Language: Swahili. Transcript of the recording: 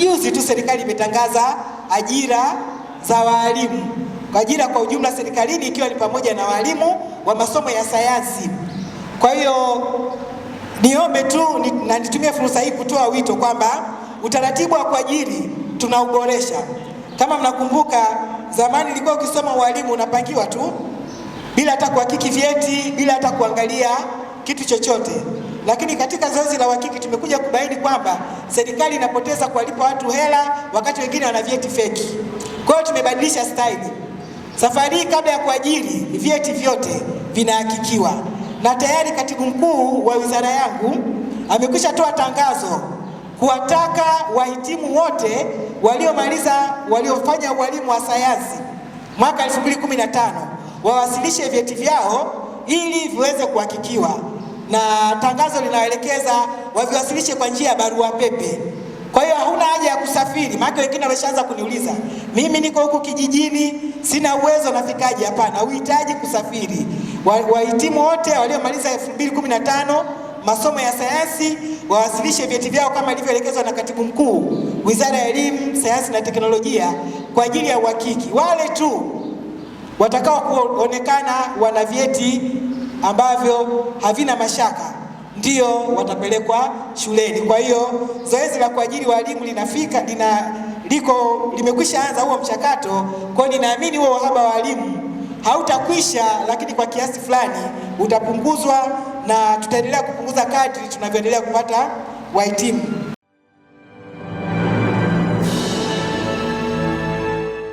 juzi tu serikali imetangaza ajira za waalimu kwa ajira kwa ujumla serikalini, ikiwa ni pamoja na waalimu wa masomo ya sayansi. Kwa hiyo niombe tu ni, na nitumie fursa hii kutoa wito kwamba utaratibu wa kuajiri tunauboresha. Kama mnakumbuka, zamani ilikuwa ukisoma ualimu unapangiwa tu bila hata kuhakiki vyeti, bila hata kuangalia kitu chochote. Lakini katika zoezi la uhakiki tumekuja kubaini kwamba serikali inapoteza kuwalipa watu hela, wakati wengine wana vyeti feki. Kwa hiyo tumebadilisha staili. Safari hii kabla ya kuajiri, vyeti vyote vinahakikiwa, na tayari katibu mkuu wa wizara yangu amekwisha toa tangazo kuwataka wahitimu wote waliomaliza waliofanya ualimu wa sayansi mwaka 2015 wawasilishe vyeti vyao ili viweze kuhakikiwa na tangazo linaelekeza waviwasilishe kwa njia ya barua pepe. Kwa hiyo hauna haja ya kusafiri, maana wengine wameshaanza kuniuliza, mimi niko huku kijijini, sina uwezo, nafikaje? Hapana, uhitaji kusafiri. Wahitimu wote waliomaliza 2015 masomo ya sayansi wawasilishe vyeti vyao kama ilivyoelekezwa na katibu mkuu, Wizara ya Elimu, Sayansi na Teknolojia kwa ajili ya uhakiki. Wale tu watakao kuonekana wana vyeti ambavyo havina mashaka ndio watapelekwa shuleni. Kwa hiyo zoezi la kuajiri walimu linafika lina liko limekwisha anza huo mchakato. Kwa hiyo ninaamini huo uhaba wa walimu hautakwisha, lakini kwa kiasi fulani utapunguzwa, na tutaendelea kupunguza kadri tunavyoendelea kupata wahitimu.